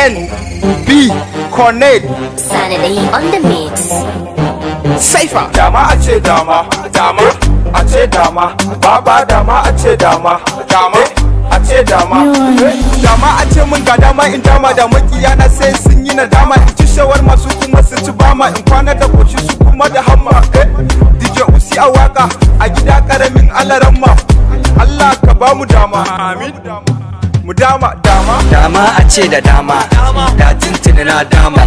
n B Cornet Sanity on the mix Safer Dama a ce dama dama a ce dama baba dama a ce dama dama a ce dama dama a ce mun ga dama in dama da makiya na sai sun yi na dama in ci shawar masu kuma su ci bama in kwana da koshi su kuma da hamma eh DJ Usi awaka a gida karamin ramma Allah ka bamu dama amin mu dama dama dama a ce da dama da tuntuni na dama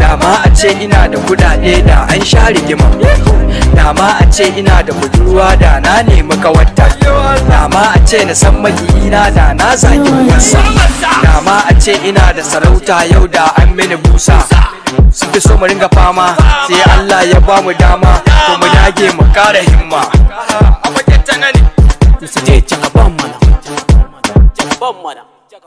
dama a ce ina da kudade da an share gima. dama a ce ina da budurwa da na nemi kawarta dama a ce na san makiyina da na zagi wasa dama a ce ina da sarauta yau da an mini busa suke so mu fama sai Allah ya ba mu dama ko mu dage mu kara himma a fakin tanani su je hakan mana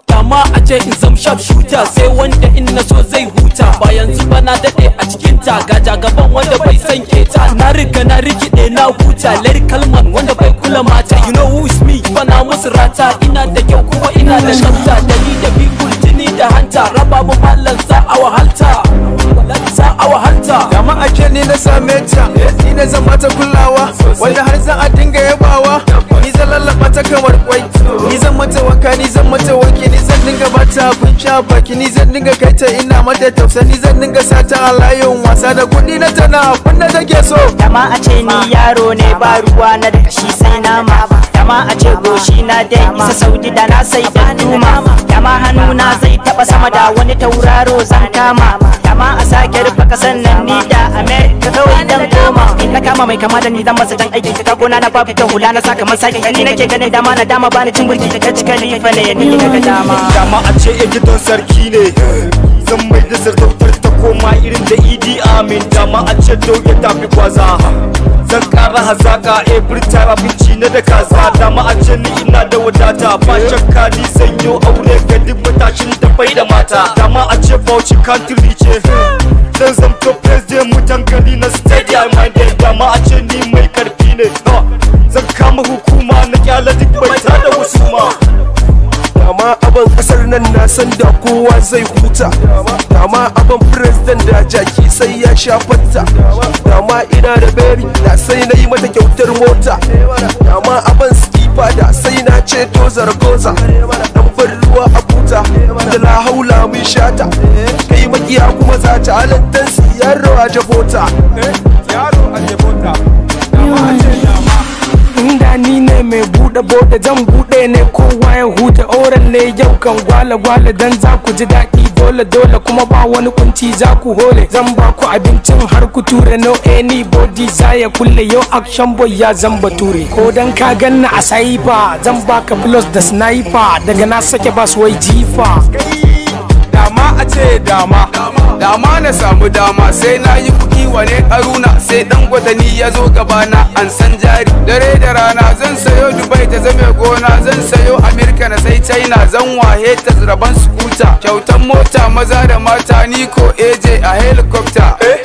dama a ce in zam sharp shooter sai wanda in na so zai huta ba yanzu ba na daɗe a cikin ta gaja gaban wanda bai san keta na riga na rikide na huta lyrical kalman wanda bai kula mata you know who is me ba na musu rata ina da kyau kuma ina da da baki ni zan dinga kai ta ina mata tausani zan dinga sata a layin wasa da kudi na tana abin da take so dama a ce ni yaro ne ba ruwa na da kashi sai nama dama a ce goshi na dai isa saudi da na sai da ma dama hannu na zai taba sama da wani tauraro zan kama dama a sake rufe kasan nan ni da america kawai dan koma in na kama mai kama da ni zan masa dan aiki ta gona na babu ta hula na saka masa ni nake ganin dama na dama bani cin burki ta cika ni fa ne ni ga dama amma a ce ya gidan sarki ne zan mai da sarautar ta koma irin da idi amin dama a ce to ya tafi kwaza zan kara hazaka every eh, time abinci na da kaza dama a ce ni ina da wadata ba shakka ni aure ga duk matashin da bai da mata dama a ce bauchi country ce zan to president mutan gari na stadium minded dama a ce ni mai karfi ne zan kama hukuma na kyala duk bai da wasu ma dama aban kasar nan na san da kowa zai huta dama aban president da jaki sai ya shafarta fatta dama ina da beri da sai na yi mata kyautar mota dama aban skipa da sai na ceto zargoza dan bar ruwa a buta da la haula mun shata kai makiya kuma za ta halattar siyarro a jabota eh, yaro a jabota dama a ce dama inda ni ne mai buɗe zan buɗe ne kowa ya huta oran ne yau kan gwale gwale dan za ku ji daɗi dole dole kuma ba wani kunci za ku hole zan ba ku abincin har ku ture no any body za ya kulle yau action boy ya zan bature ko dan ka ganna a saifa zan baka plus da sniper daga na sake ba su wai jifa dama a ce dama dama na samu dama sai na yi kuɗi wane haruna sai dan gwatani ya zo gabana an san jari dare da china zan wahe ta raban skuta kyautan mota maza da mata ni ko eje a helicopter eh